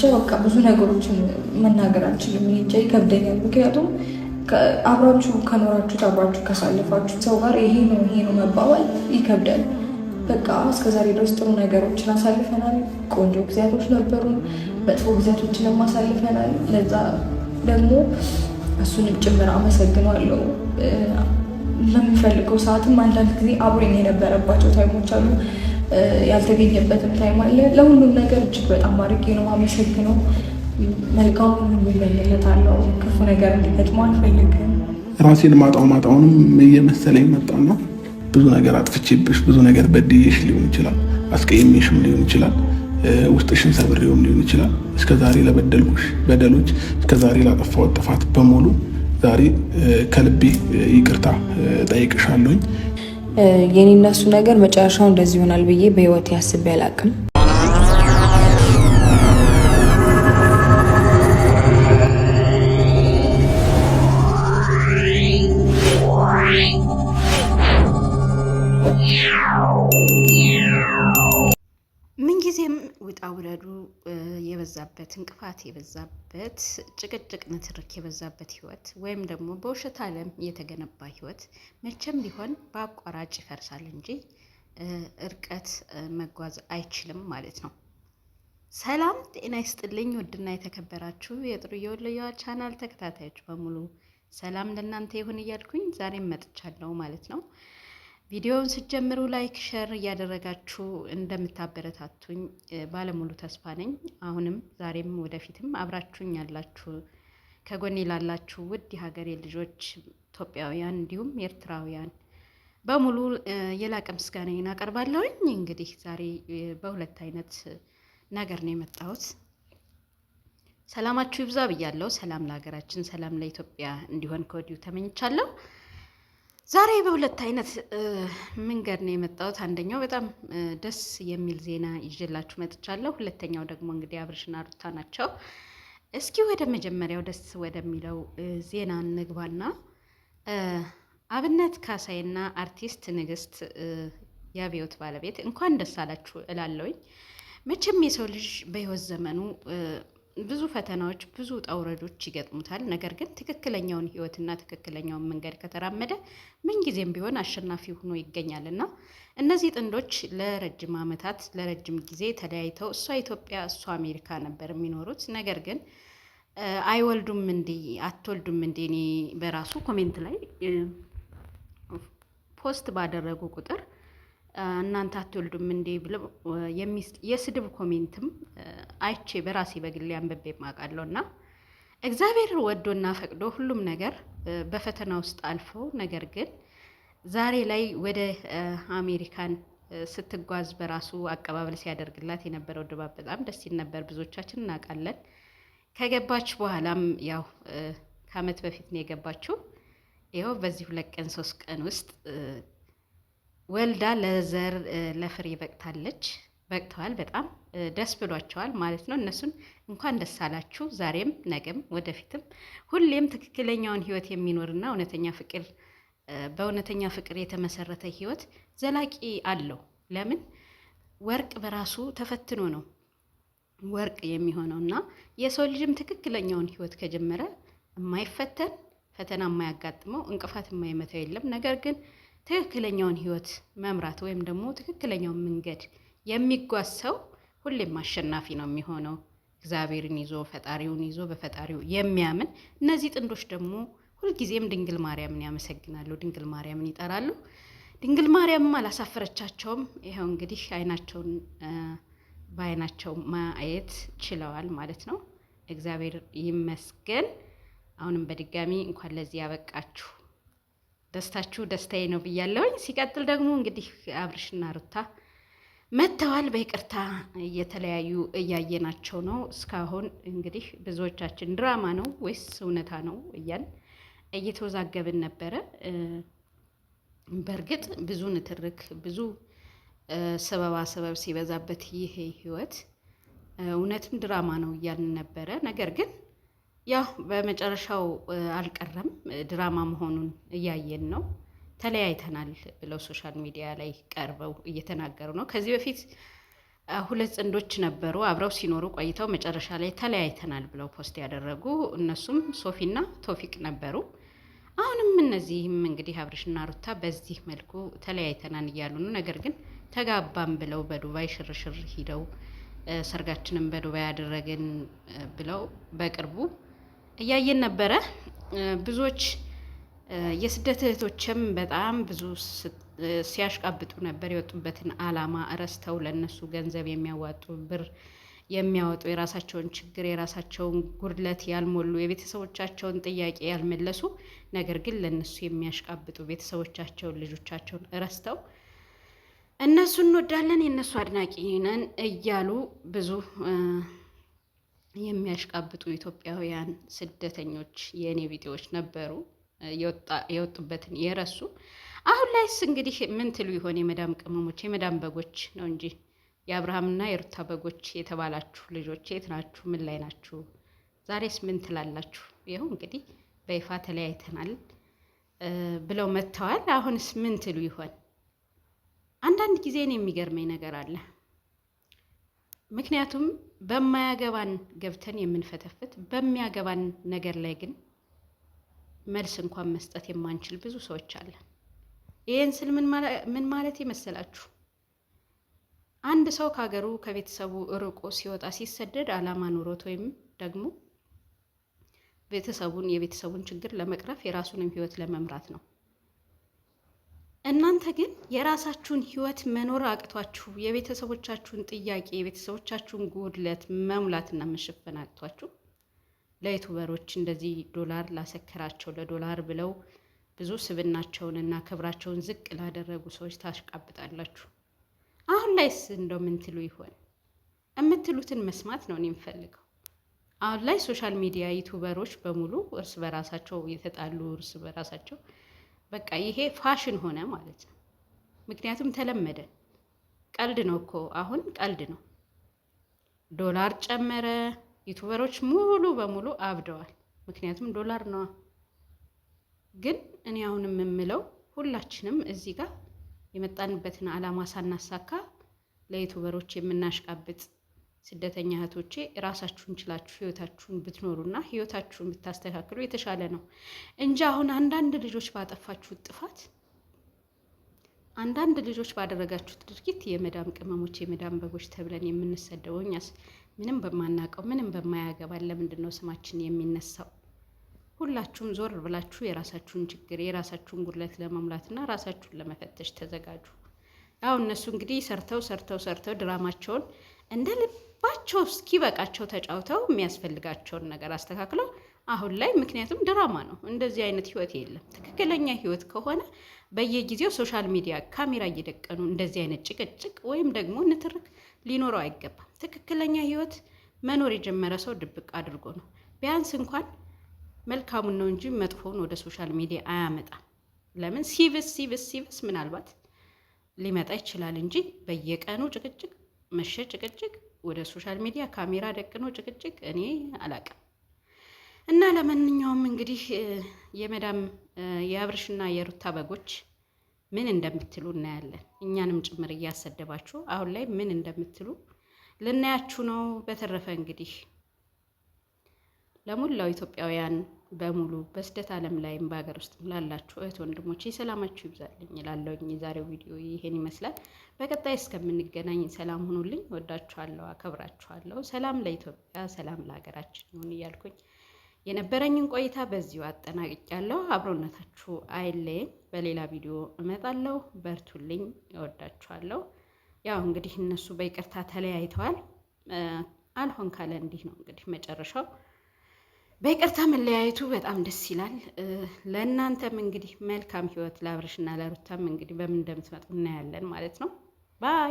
ብቻ በቃ ብዙ ነገሮችን መናገር አልችልም። እንጃ ይከብደኛል። ምክንያቱም አብራችሁ ከኖራችሁት አብራችሁ ካሳለፋችሁት ሰው ጋር ይሄ ነው ይሄ ነው መባባል ይከብዳል። በቃ እስከዛሬ ድረስ ጥሩ ነገሮችን አሳልፈናል። ቆንጆ ጊዜያቶች ነበሩ፣ መጥፎ ጊዜያቶችን አሳልፈናል። ለዛ ደግሞ እሱንም ጭምር አመሰግናለሁ። በሚፈልገው ሰዓትም አንዳንድ ጊዜ አብሮኝ የነበረባቸው ታይሞች አሉ ያልተገኘበትም ታይም አለ። ለሁሉም ነገር እጅግ በጣም አድርጌ ነው አመሰግነው። መልካሙን አለው። ክፉ ነገር እንዲገጥመው አልፈልግም። ራሴን ማጣው ማጣውንም እየመሰለኝ መጣ ነው። ብዙ ነገር አጥፍቼብሽ፣ ብዙ ነገር በድዬሽ ሊሆን ይችላል፣ አስቀይሜሽም ሊሆን ይችላል፣ ውስጥሽን ሰብሬውም ሊሆን ይችላል። እስከዛሬ ለበደልኩሽ በደሎች፣ እስከዛሬ ላጠፋሁት ጥፋት በሙሉ ዛሬ ከልቤ ይቅርታ ጠይቅሻለሁኝ። የኔ እነሱ ነገር መጨረሻው እንደዚህ ይሆናል ብዬ በህይወት ያስቤ አላቅም። ውጣ ውረዱ የበዛበት እንቅፋት የበዛበት ጭቅጭቅ ንትርክ የበዛበት ህይወት ወይም ደግሞ በውሸት ዓለም የተገነባ ህይወት መቼም ቢሆን በአቋራጭ ይፈርሳል እንጂ እርቀት መጓዝ አይችልም ማለት ነው። ሰላም ጤና ይስጥልኝ። ውድና የተከበራችሁ የጥሩ የወለየዋ ቻናል ተከታታዮች በሙሉ ሰላም ለእናንተ ይሁን እያልኩኝ ዛሬም መጥቻለሁ ማለት ነው። ቪዲዮውን ስትጀምሩ ላይክ ሸር እያደረጋችሁ እንደምታበረታቱኝ ባለሙሉ ተስፋ ነኝ። አሁንም ዛሬም ወደፊትም አብራችሁኝ ያላችሁ ከጎኔ ላላችሁ ውድ የሀገሬ ልጆች ኢትዮጵያውያን፣ እንዲሁም ኤርትራውያን በሙሉ የላቀ ምስጋናዬን አቀርባለሁኝ። እንግዲህ ዛሬ በሁለት አይነት ነገር ነው የመጣሁት። ሰላማችሁ ይብዛ ብያለሁ። ሰላም ለሀገራችን፣ ሰላም ለኢትዮጵያ እንዲሆን ከወዲሁ ተመኝቻለሁ። ዛሬ በሁለት አይነት መንገድ ነው የመጣሁት። አንደኛው በጣም ደስ የሚል ዜና ይዤላችሁ መጥቻለሁ። ሁለተኛው ደግሞ እንግዲህ አብርሽና ሩታ ናቸው። እስኪ ወደ መጀመሪያው ደስ ወደሚለው ዜና እንግባና አብነት ካሳይና አርቲስት ንግስት የአብዮት ባለቤት እንኳን ደስ አላችሁ እላለሁኝ። መቼም የሰው ልጅ በህይወት ዘመኑ ብዙ ፈተናዎች ብዙ ጠውረዶች ይገጥሙታል። ነገር ግን ትክክለኛውን ህይወትና ትክክለኛውን መንገድ ከተራመደ ምንጊዜም ቢሆን አሸናፊ ሆኖ ይገኛል እና እነዚህ ጥንዶች ለረጅም ዓመታት ለረጅም ጊዜ ተለያይተው እሷ ኢትዮጵያ እሷ አሜሪካ ነበር የሚኖሩት። ነገር ግን አይወልዱም እንዲ አትወልዱም እንዲ እኔ በራሱ ኮሜንት ላይ ፖስት ባደረጉ ቁጥር እናንተ አትወልዱም እንዴ ብለው የስድብ ኮሜንትም አይቼ በራሴ በግሌ አንብቤ ማውቃለሁ። እና እግዚአብሔር ወዶና ፈቅዶ ሁሉም ነገር በፈተና ውስጥ አልፈው ነገር ግን ዛሬ ላይ ወደ አሜሪካን ስትጓዝ በራሱ አቀባበል ሲያደርግላት የነበረው ድባብ በጣም ደስ ይል ነበር። ብዙዎቻችን እናውቃለን። ከገባች በኋላም ያው ከዓመት በፊት ነው የገባችው። ይኸው በዚህ ሁለት ቀን ሶስት ቀን ውስጥ ወልዳ ለዘር ለፍሬ በቅታለች በቅተዋል። በጣም ደስ ብሏቸዋል ማለት ነው። እነሱን እንኳን ደስ አላችሁ። ዛሬም፣ ነገም፣ ወደፊትም ሁሌም ትክክለኛውን ህይወት የሚኖርና እውነተኛ ፍቅር በእውነተኛ ፍቅር የተመሰረተ ህይወት ዘላቂ አለው። ለምን ወርቅ በራሱ ተፈትኖ ነው ወርቅ የሚሆነው እና የሰው ልጅም ትክክለኛውን ህይወት ከጀመረ የማይፈተን ፈተና የማያጋጥመው እንቅፋት የማይመታው የለም። ነገር ግን ትክክለኛውን ህይወት መምራት ወይም ደግሞ ትክክለኛውን መንገድ የሚጓዝ ሰው ሁሌም አሸናፊ ነው የሚሆነው። እግዚአብሔርን ይዞ ፈጣሪውን ይዞ በፈጣሪው የሚያምን እነዚህ ጥንዶች ደግሞ ሁልጊዜም ድንግል ማርያምን ያመሰግናሉ፣ ድንግል ማርያምን ይጠራሉ። ድንግል ማርያምም አላሳፈረቻቸውም። ይኸው እንግዲህ አይናቸውን በአይናቸው ማየት ችለዋል ማለት ነው። እግዚአብሔር ይመስገን። አሁንም በድጋሚ እንኳን ለዚህ ያበቃችሁ ደስታችሁ ደስታዬ ነው ብያለሁኝ። ሲቀጥል ደግሞ እንግዲህ አብርሽና ሩታ መጥተዋል። በይቅርታ እየተለያዩ እያየናቸው ነው። እስካሁን እንግዲህ ብዙዎቻችን ድራማ ነው ወይስ እውነታ ነው እያል እየተወዛገብን ነበረ። በእርግጥ ብዙ ንትርክ፣ ብዙ ሰበባ ሰበብ ሲበዛበት ይሄ ህይወት እውነትም ድራማ ነው እያልን ነበረ ነገር ግን ያው በመጨረሻው አልቀረም ድራማ መሆኑን እያየን ነው። ተለያይተናል ብለው ሶሻል ሚዲያ ላይ ቀርበው እየተናገሩ ነው። ከዚህ በፊት ሁለት ጥንዶች ነበሩ አብረው ሲኖሩ ቆይተው መጨረሻ ላይ ተለያይተናል ብለው ፖስት ያደረጉ እነሱም ሶፊና ቶፊቅ ነበሩ። አሁንም እነዚህም እንግዲህ አብርሽና ሩታ በዚህ መልኩ ተለያይተናል እያሉ ነው። ነገር ግን ተጋባም ብለው በዱባይ ሽርሽር ሂደው ሰርጋችንን በዱባይ ያደረግን ብለው በቅርቡ እያየን ነበረ። ብዙዎች የስደት እህቶችም በጣም ብዙ ሲያሽቃብጡ ነበር። የወጡበትን አላማ እረስተው ለእነሱ ገንዘብ የሚያዋጡ ብር የሚያወጡ የራሳቸውን ችግር የራሳቸውን ጉድለት ያልሞሉ የቤተሰቦቻቸውን ጥያቄ ያልመለሱ ነገር ግን ለእነሱ የሚያሽቃብጡ ቤተሰቦቻቸውን ልጆቻቸውን እረስተው እነሱ እንወዳለን የእነሱ አድናቂ ነን እያሉ ብዙ የሚያሽቃብጡ ኢትዮጵያውያን ስደተኞች የእኔ ቪዲዮዎች ነበሩ። የወጡበትን የረሱ አሁን ላይስ እንግዲህ ምን ትሉ ይሆን? የመዳም ቅመሞች የመዳም በጎች ነው እንጂ የአብርሃምና የሩታ በጎች የተባላችሁ ልጆች የት ናችሁ? ምን ላይ ናችሁ? ዛሬስ ምን ትላላችሁ? ይኸው እንግዲህ በይፋ ተለያይተናል ብለው መጥተዋል። አሁንስ ምን ትሉ ይሆን? አንዳንድ ጊዜ እኔ የሚገርመኝ ነገር አለ። ምክንያቱም በማያገባን ገብተን የምንፈተፍት በሚያገባን ነገር ላይ ግን መልስ እንኳን መስጠት የማንችል ብዙ ሰዎች አለን። ይህን ስል ምን ማለት መሰላችሁ? አንድ ሰው ከሀገሩ ከቤተሰቡ ርቆ ሲወጣ ሲሰደድ ዓላማ ኑሮት ወይም ደግሞ ቤተሰቡን የቤተሰቡን ችግር ለመቅረፍ የራሱንም ሕይወት ለመምራት ነው። እናንተ ግን የራሳችሁን ህይወት መኖር አቅቷችሁ የቤተሰቦቻችሁን ጥያቄ የቤተሰቦቻችሁን ጉድለት መሙላትና መሸፈን አቅቷችሁ ለዩቱበሮች እንደዚህ ዶላር ላሰከራቸው ለዶላር ብለው ብዙ ስብናቸውንና ክብራቸውን ዝቅ ላደረጉ ሰዎች ታሽቃብጣላችሁ። አሁን ላይስ እንደው ምን ትሉ ይሆን? የምትሉትን መስማት ነው እኔ የምፈልገው። አሁን ላይ ሶሻል ሚዲያ ዩቱበሮች በሙሉ እርስ በራሳቸው የተጣሉ እርስ በራሳቸው በቃ ይሄ ፋሽን ሆነ ማለት ነው። ምክንያቱም ተለመደ። ቀልድ ነው እኮ አሁን ቀልድ ነው። ዶላር ጨመረ፣ ዩቱበሮች ሙሉ በሙሉ አብደዋል። ምክንያቱም ዶላር ነዋ። ግን እኔ አሁን የምምለው ሁላችንም እዚህ ጋር የመጣንበትን ዓላማ ሳናሳካ ለዩቱበሮች የምናሽቃብጥ ስደተኛ እህቶቼ ራሳችሁን ችላችሁ ህይወታችሁን ብትኖሩና ህይወታችሁን ብታስተካክሉ የተሻለ ነው እንጂ አሁን አንዳንድ ልጆች ባጠፋችሁት ጥፋት አንዳንድ ልጆች ባደረጋችሁት ድርጊት የመዳም ቅመሞች የመዳም በጎች ተብለን የምንሰደበው እኛስ ምንም በማናውቀው ምንም በማያገባን ለምንድን ነው ስማችን የሚነሳው? ሁላችሁም ዞር ብላችሁ የራሳችሁን ችግር የራሳችሁን ጉድለት ለመሙላትና ራሳችሁን ለመፈተሽ ተዘጋጁ። ያው እነሱ እንግዲህ ሰርተው ሰርተው ሰርተው ድራማቸውን እንደ ልባቸው እስኪበቃቸው ተጫውተው የሚያስፈልጋቸውን ነገር አስተካክለው አሁን ላይ ምክንያቱም ድራማ ነው። እንደዚህ አይነት ህይወት የለም። ትክክለኛ ህይወት ከሆነ በየጊዜው ሶሻል ሚዲያ ካሜራ እየደቀኑ እንደዚህ አይነት ጭቅጭቅ ወይም ደግሞ ንትርክ ሊኖረው አይገባም። ትክክለኛ ህይወት መኖር የጀመረ ሰው ድብቅ አድርጎ ነው። ቢያንስ እንኳን መልካሙን ነው እንጂ መጥፎውን ወደ ሶሻል ሚዲያ አያመጣም። ለምን ሲብስ ሲብስ ሲብስ ምናልባት ሊመጣ ይችላል እንጂ በየቀኑ ጭቅጭቅ፣ መሸ ጭቅጭቅ፣ ወደ ሶሻል ሚዲያ ካሜራ ደቅኖ ጭቅጭቅ እኔ አላቅም። እና ለማንኛውም እንግዲህ የመዳም የአብርሽና የሩታ በጎች ምን እንደምትሉ እናያለን። እኛንም ጭምር እያሰደባችሁ አሁን ላይ ምን እንደምትሉ ልናያችሁ ነው። በተረፈ እንግዲህ ለሙላው ኢትዮጵያውያን በሙሉ በስደት ዓለም ላይም በሀገር ውስጥ ላላችሁ እህት ወንድሞች ሰላማችሁ ይብዛልኝ እላለሁኝ። የዛሬው ቪዲዮ ይሄን ይመስላል። በቀጣይ እስከምንገናኝ ሰላም ሁኑልኝ። ወዳችኋለሁ፣ አከብራችኋለሁ። ሰላም ለኢትዮጵያ፣ ሰላም ለሀገራችን ይሁን እያልኩኝ የነበረኝን ቆይታ በዚሁ አጠናቅቄያለሁ። አብሮነታችሁ አይለየኝ። በሌላ ቪዲዮ እመጣለሁ። በርቱልኝ። እወዳችኋለሁ። ያው እንግዲህ እነሱ በይቅርታ ተለያይተዋል። አልሆን ካለ እንዲህ ነው እንግዲህ መጨረሻው። በይቅርታ መለያየቱ በጣም ደስ ይላል። ለእናንተም እንግዲህ መልካም ህይወት ለአብርሽና ለሩታም እንግዲህ በምን እንደምትመጡ እናያለን ማለት ነው። ባይ